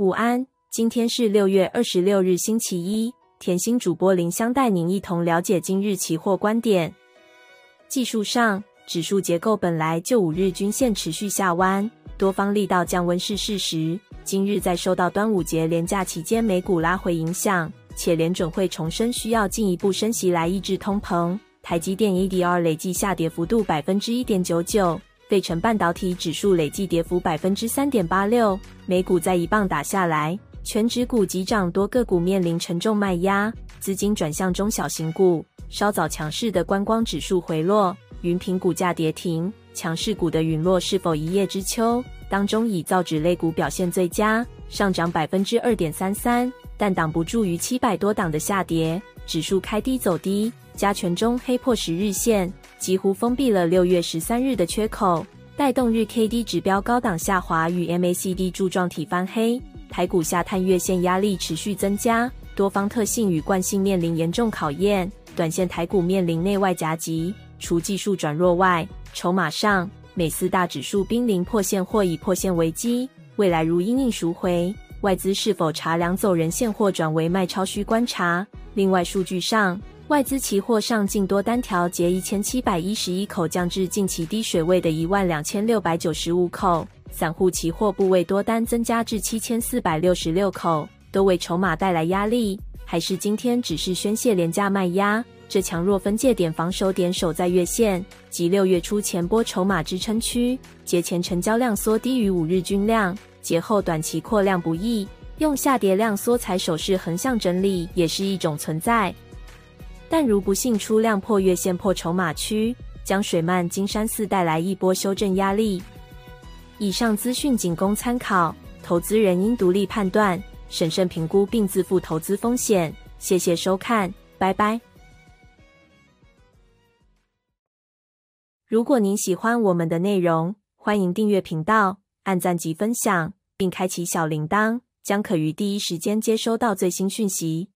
午安，今天是六月二十六日，星期一。甜心主播林香帶您一同了解今日期貨觀點。技術上，指數結構本來就五日均線持續下彎，多方力道降溫是事實。今日再受到端午節連假期間美股拉回影響，且聯準會重申需要進一步升息來抑制通膨。台積電 ADR 累計下跌幅度百分之一點九九。費城半導體指數累計跌幅百分之三點八六，美股再一棒打下來，權值股及漲多個股面臨沉重賣壓，資金轉向中小型股。稍早強勢的觀光指數回落，雲品股價跌停，強勢股的隕落是否一葉知秋？當中以造紙類股表現最佳，上漲百分之二點三三，但擋不住逾七百多檔的下跌，指數開低走低，加權中黑破十日線，幾乎封閉了六月十三日的缺口，帶動日 K D 指標高檔下滑，與 M A C D 柱狀體翻黑，台股下探月線壓力持續增加，多方特性與慣性面臨嚴重考驗，短線台股面臨內外夾擊。除技術轉弱外，籌碼上，美四大指數瀕臨破線或已破線危機，未來如因應贖回，外資是否茶涼走人現貨轉為賣超需觀察。另外數據上。外資期貨上淨多單調節一千七百一十一口，降至近期低水位的一萬兩千六百九十五口。散戶期貨部位多單增加至七千四百六十六口，都為籌碼帶來壓力。還是今天只是宣洩連假賣壓？這強弱分界點、防守點守在月線及六月初前波籌碼支撐區。節前成交量縮低於五日均量，節後短期擴量不易。用下跌量縮採守勢橫向整理，也是一種存在。但如不幸出量破月線破籌碼區，將水漫金山寺帶來一波修正壓力。以上資訊僅供參考，投資人應獨立判斷，審慎評估並自負投資風險。謝謝收看，拜拜。如果您喜歡我們的內容，歡迎訂閱頻道，按讚及分享，並開啟小鈴鐺，將可於第一時間接收到最新訊息。